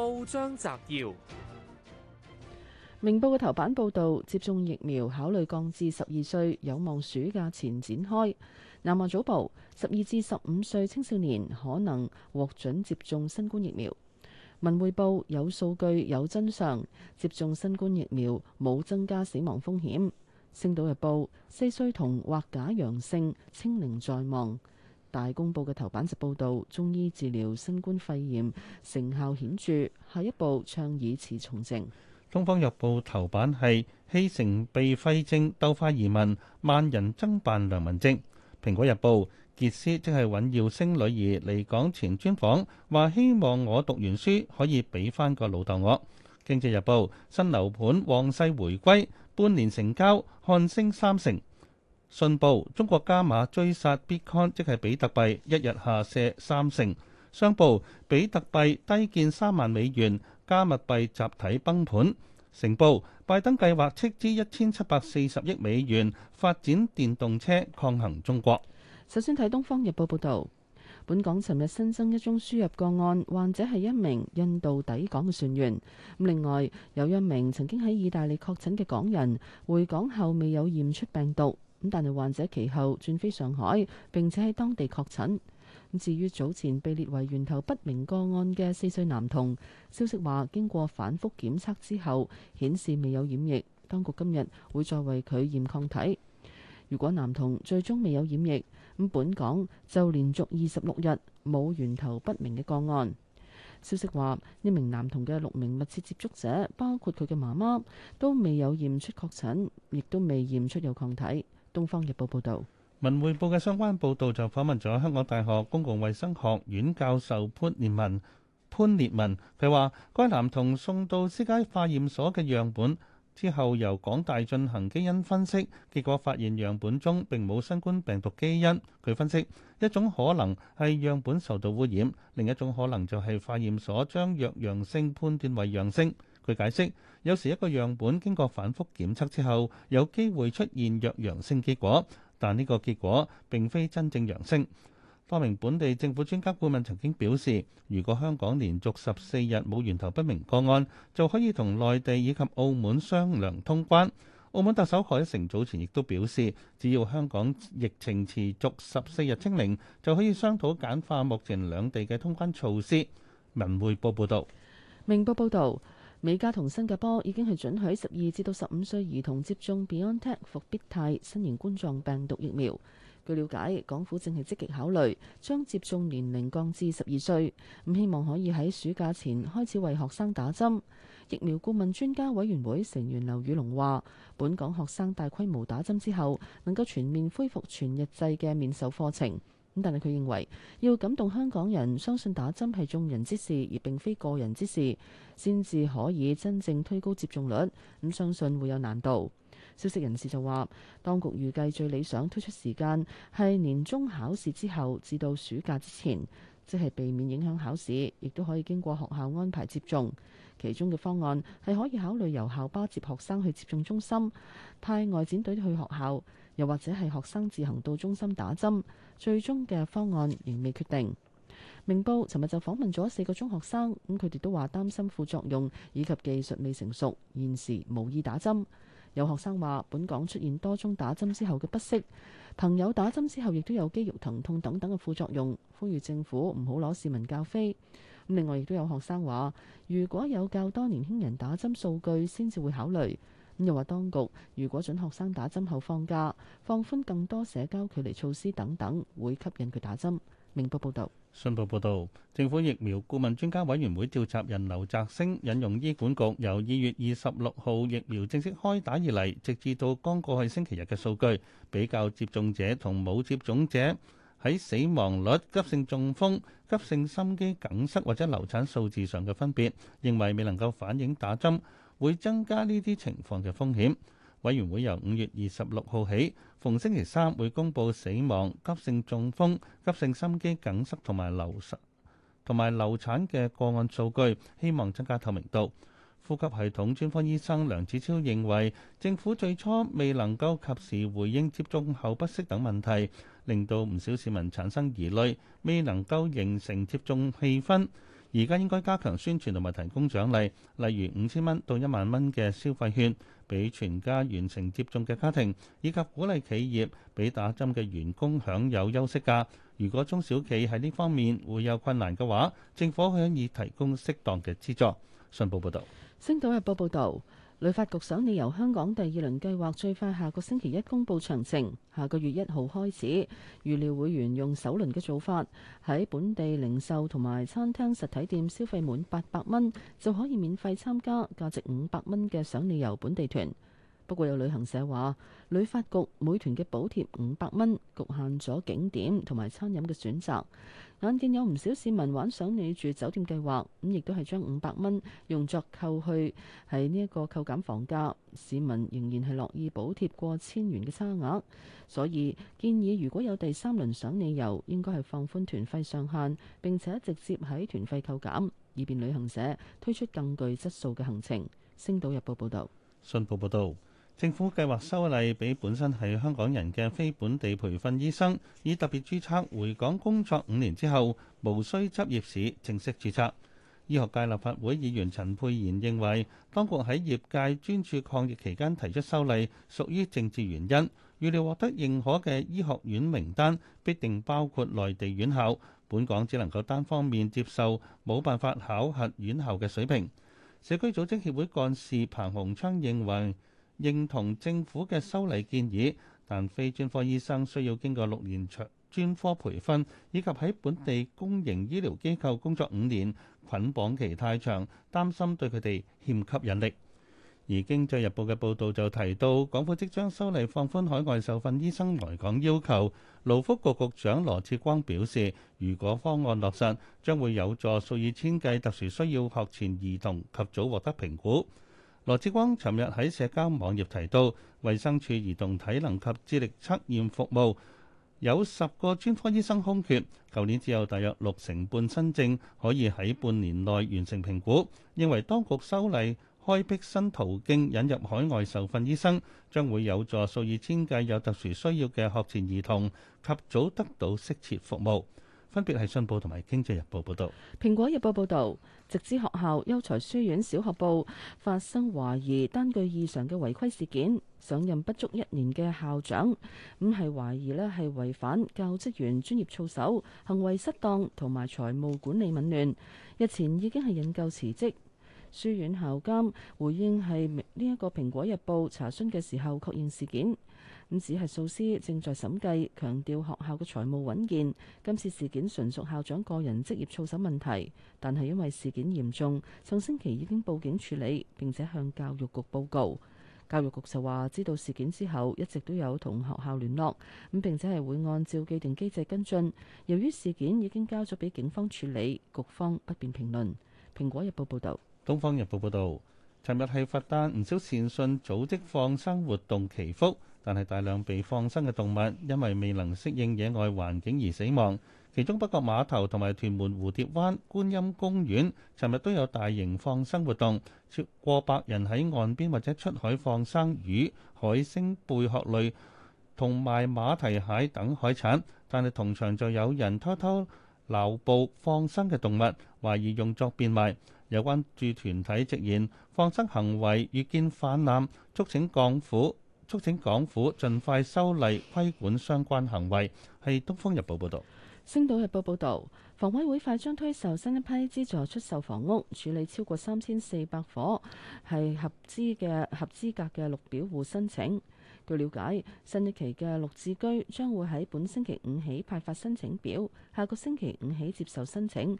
報章摘要：明報嘅頭版報道，接種疫苗考慮降至十二歲，有望暑假前展開。南華早報：十二至十五歲青少年可能獲准接種新冠疫苗。文匯報：有數據有真相，接種新冠疫苗冇增加死亡風險。星島日報：四歲童或假陽性，清零在望。.大公報嘅頭版就報道，中醫治療新冠肺炎成效顯著，下一步倡議治重症。東方日報頭版係西成避稅症鬥快移民，萬人爭辦良民證。蘋果日報傑斯即係尹耀星女兒嚟港前專訪，話希望我讀完書可以俾翻個老豆我。經濟日報新樓盤旺勢回歸，半年成交看升三成。信報：中國加碼追殺 Bitcoin，即係比特幣，一日下瀉三成。商報：比特幣低見三萬美元，加密幣集體崩盤。成報：拜登計劃斥資一千七百四十億美元發展電動車，抗衡中國。首先睇《東方日報》報導，本港尋日新增一宗輸入個案，患者係一名印度抵港嘅船員。咁另外有一名曾經喺意大利確診嘅港人回港後未有驗出病毒。咁，但係患者其後轉飛上海，並且喺當地確診。至於早前被列為源頭不明個案嘅四歲男童，消息話經過反覆檢測之後，顯示未有染疫。當局今日會再為佢驗抗體。如果男童最終未有染疫，咁本港就連續二十六日冇源頭不明嘅個案。消息話呢名男童嘅六名密切接觸者，包括佢嘅媽媽，都未有驗出確診，亦都未驗出有抗體。《東方日報》報導，文匯報嘅相關報導就訪問咗香港大學公共衛生學院教授潘烈文。潘烈文佢話，該男童送到私家化驗所嘅樣本之後，由港大進行基因分析，結果發現樣本中並冇新冠病毒基因。佢分析一種可能係樣本受到污染，另一種可能就係化驗所將弱陽性判斷為陽性。佢解釋：有時一個樣本經過反覆檢測之後，有機會出現弱陽性結果，但呢個結果並非真正陽性。多名本地政府專家顧問曾經表示，如果香港連續十四日冇源頭不明個案，就可以同內地以及澳門商量通關。澳門特首賀一誠早前亦都表示，只要香港疫情持續十四日清零，就可以商討簡化目前兩地嘅通關措施。文匯報報道，明報報道。美加同新加坡已經係準許十二至到十五歲兒童接種 BioNTech 復必泰新型冠狀病毒疫苗。據了解，港府正係積極考慮將接種年齡降至十二歲，咁希望可以喺暑假前開始為學生打針。疫苗顧問專家委員會成員劉宇龍話，本港學生大規模打針之後，能夠全面恢復全日制嘅面授課程。咁但係佢認為要感動香港人，相信打針係眾人之事，而並非個人之事，先至可以真正推高接種率。咁相信會有難度。消息人士就話，當局預計最理想推出時間係年終考試之後至到暑假之前，即係避免影響考試，亦都可以經過學校安排接種。其中嘅方案係可以考慮由校巴接學生去接種中心，派外展隊去學校。又或者係學生自行到中心打針，最終嘅方案仍未決定。明報尋日就訪問咗四個中學生，咁佢哋都話擔心副作用以及技術未成熟，現時無意打針。有學生話：本港出現多宗打針之後嘅不適，朋友打針之後亦都有肌肉疼痛等等嘅副作用，呼籲政府唔好攞市民較飛。另外亦都有學生話：如果有較多年輕人打針數據，先至會考慮。又話，當局如果準學生打針後放假、放寬更多社交距離措施等等，會吸引佢打針。明報報導，信報報導，政府疫苗顧問專家委員會調查人劉澤星引用醫管局由二月二十六號疫苗正式開打以嚟，直至到剛過去星期日嘅數據，比較接種者同冇接種者喺死亡率、急性中風、急性心肌梗塞或者流產數字上嘅分別，認為未能夠反映打針會增加呢啲情況嘅風險。委員會由五月二十六號起，逢星期三會公佈死亡、急性中風、急性心肌梗塞同埋流失同埋流產嘅個案數據，希望增加透明度。呼吸系統專科醫生梁子超認為，政府最初未能夠及時回應接種後不適等問題，令到唔少市民產生疑慮，未能夠形成接種氣氛。而家應該加強宣傳同埋提供獎勵，例如五千蚊到一萬蚊嘅消費券俾全家完成接種嘅家庭，以及鼓勵企業俾打針嘅員工享有休息假。如果中小企喺呢方面會有困難嘅話，政府可以提供適當嘅資助。信報報道。星島日報報道。旅發局賞你遊香港第二輪計劃最快下個星期一公布詳情，下個月一號開始，預料會員用首輪嘅做法，喺本地零售同埋餐廳實體店消費滿八百蚊就可以免費參加價值五百蚊嘅賞你遊本地團。不過有旅行社話，旅發局每團嘅補貼五百蚊，局限咗景點同埋餐飲嘅選擇。眼見有唔少市民玩賞你住酒店計劃，咁亦都係將五百蚊用作扣去喺呢一個扣減房價。市民仍然係樂意補貼過千元嘅差額，所以建議如果有第三輪賞你遊，應該係放寬團費上限，並且直接喺團費扣減，以便旅行社推出更具質素嘅行程。星島日報報道。信報報導。政府計劃修例，俾本身係香港人嘅非本地培訓醫生，以特別註冊回港工作五年之後，無需執業試正式註冊。醫學界立法會議員陳沛然認為，當局喺業界專注抗疫期間提出修例，屬於政治原因。預料獲得認可嘅醫學院名單必定包括內地院校，本港只能夠單方面接受，冇辦法考核院校嘅水平。社區組織協會幹事彭洪昌認為，認同政府嘅修例建議，但非專科醫生需要經過六年長專科培訓以及喺本地公營醫療機構工作五年，捆綁期太長，擔心對佢哋欠吸引力。而《經濟日報》嘅報導就提到，港府即將修例放寬海外受訓醫生來港要求。勞福局局長羅致光表示，如果方案落實，將會有助數以千計特殊需要學前兒童及早獲得評估。羅志光尋日喺社交網頁提到，衛生署兒童體能及智力測驗服務有十個專科醫生空缺，舊年只有大約六成半新症可以喺半年內完成評估，認為當局修例開闢新途徑引入海外受訓醫生，將會有助數以千計有特殊需要嘅學前兒童及早得到適切服務。分別係《信報》同埋《經濟日報》報導，《蘋果日報》報導，直資學校優才書院小學部發生懷疑單據異常嘅違規事件，上任不足一年嘅校長，咁係懷疑呢係違反教職員專業操守、行為失當同埋財務管理紊亂。日前已經係引咎辭職。書院校監回應係呢一個《蘋果日報》查詢嘅時候確認事件。咁只係，數師正在審計，強調學校嘅財務穩健。今次事件純屬校長個人職業操守問題，但係因為事件嚴重，上星期已經報警處理，並且向教育局報告。教育局就話知道事件之後，一直都有同學校聯絡，咁並且係會按照既定機制跟進。由於事件已經交咗俾警方處理，局方不便評論。《蘋果日報》報導，《東方日報》報導，尋日係佛誕，唔少善信組織放生活動祈福。但係大量被放生嘅動物因為未能適應野外環境而死亡。其中北角碼頭同埋屯門蝴蝶灣、觀音公園尋日都有大型放生活動，超過百人喺岸邊或者出海放生魚、海星、貝殼類同埋馬蹄蟹等海產。但係同場就有人偷偷撈捕放生嘅動物，懷疑用作變賣。有關注團體直言放生行為愈見泛濫，促請港府。促請港府盡快修例規管相關行為，係《東方日報》報道，《星島日報》報道，房委會快將推售新一批資助出售房屋，處理超過三千四百伙，係合資嘅合資格嘅綠表戶申請。據了解，新一期嘅綠置居將會喺本星期五起派發申請表，下個星期五起接受申請，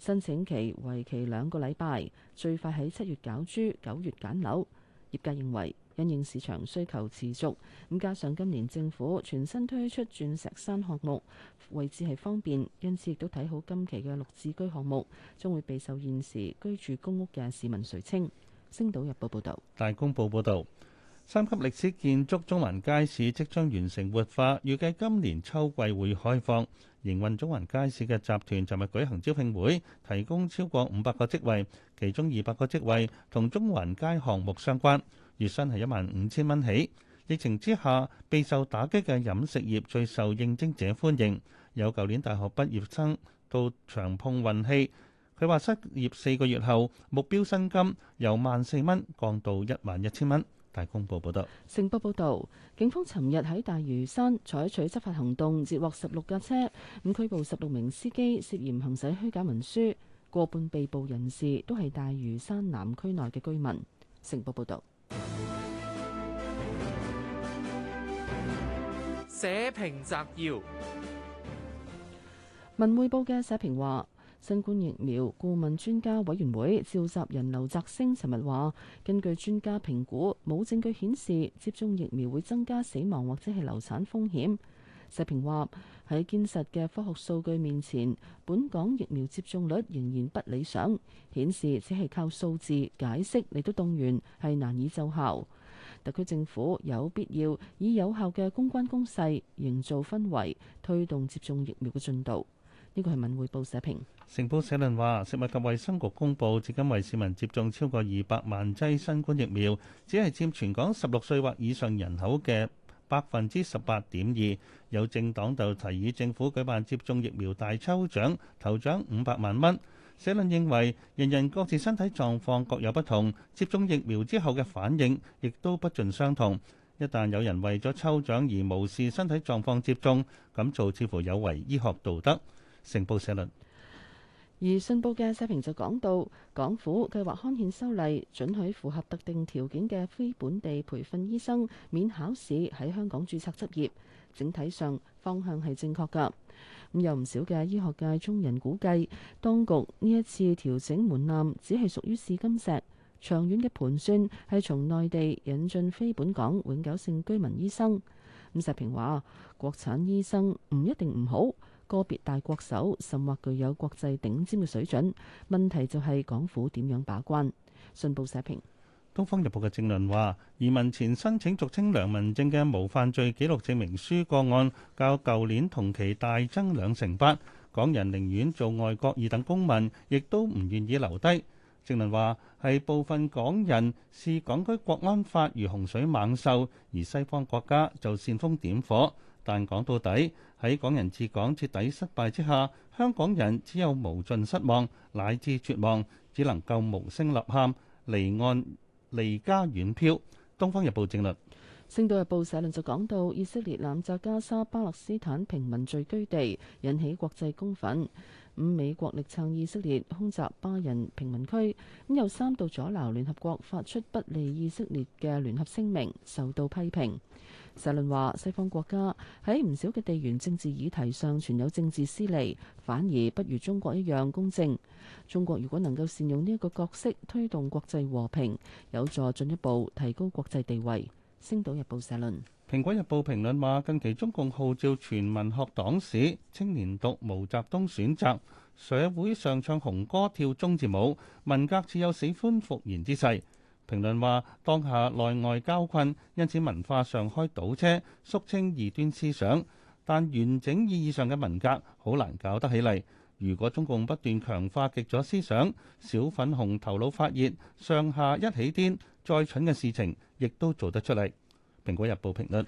申請期為期兩個禮拜，最快喺七月攪珠，九月揀樓。業界認為。因應市場需求持續咁，加上今年政府全新推出鑽石山項目，位置係方便，因此亦都睇好今期嘅綠置居項目，將會備受現時居住公屋嘅市民垂青。星島日報報道，大公報報道，三級歷史建築中環街市即將完成活化，預計今年秋季會開放營運。中環街市嘅集團尋日舉行招聘會，提供超過五百個職位，其中二百個職位同中環街市項目相關。月薪係一萬五千蚊起。疫情之下，備受打擊嘅飲食業最受應徵者歡迎。有舊年大學畢業生到場碰運氣。佢話失業四個月後，目標薪金由萬四蚊降到一萬一千蚊。大公報報道。城報報道，警方尋日喺大嶼山採取執法行動，截獲十六架車，咁拘捕十六名司機，涉嫌行使虛假文書。過半被捕人士都係大嶼山南區內嘅居民。城報報道。社評摘要：文匯報嘅社評話，新冠疫苗顧問專家委員會召集人劉澤星尋日話，根據專家評估，冇證據顯示接種疫苗會增加死亡或者係流產風險。社評話：喺堅實嘅科學數據面前，本港疫苗接種率仍然不理想，顯示只係靠數字解釋嚟都動員係難以奏效。特區政府有必要以有效嘅公關攻勢，營造氛圍，推動接種疫苗嘅進度。呢個係文匯報社評。成報社論話：食物及衛生局公佈，至今為市民接種超過二百萬劑新冠疫苗，只係佔全港十六歲或以上人口嘅百分之十八點二，有政黨就提議政府舉辦接種疫苗大抽獎，頭獎五百萬蚊。社論認為人人各自身體狀況各有不同，接種疫苗之後嘅反應亦都不盡相同。一旦有人為咗抽獎而無視身體狀況接種，咁就似乎有違醫學道德。成報社論。而信報嘅社評就講到，港府計劃刊憲修例，准許符合特定條件嘅非本地培訓醫生免考試喺香港註冊執業。整體上方向係正確㗎。咁有唔少嘅醫學界中人估計，當局呢一次調整門檻只係屬於試金石，長遠嘅盤算係從內地引進非本港永久性居民醫生。咁社評話：國產醫生唔一定唔好。個別大國手甚或具有國際頂尖嘅水準，問題就係港府點樣把關？信報社評《東方日報》嘅政論話：移民前申請俗稱良民證嘅無犯罪記錄證明書個案，較舊年同期大增兩成八。港人寧願做外國二等公民，亦都唔願意留低。政論話：係部分港人視港區國安法如洪水猛獸，而西方國家就煽風點火。但講到底，喺港人治港徹底失敗之下，香港人只有無盡失望乃至絕望，只能夠無聲吶喊，離岸離家遠飄。《東方日報》正論。《星島日報》社論就講到，以色列濫炸加沙巴勒斯坦平民聚居地，引起國際公憤。咁美國力撐以色列空襲巴人平民區，咁又三度阻撓聯合國發出不利以色列嘅聯合聲明，受到批評。社論話：西方國家喺唔少嘅地緣政治議題上存有政治私利，反而不如中國一樣公正。中國如果能夠善用呢一個角色，推動國際和平，有助進一步提高國際地位。《星島日報》社論，《蘋果日報》評論話：近期中共號召全民學黨史、青年讀毛澤東選集、社會上唱紅歌、跳忠字舞，文革似有死灰復燃之勢。評論話：當下內外交困，因此文化上開倒車，肅清異端思想，但完整意義上嘅文革好難搞得起嚟。如果中共不斷強化極左思想，小粉紅頭腦發熱，上下一起癲，再蠢嘅事情亦都做得出嚟。《蘋果日報評論》評論。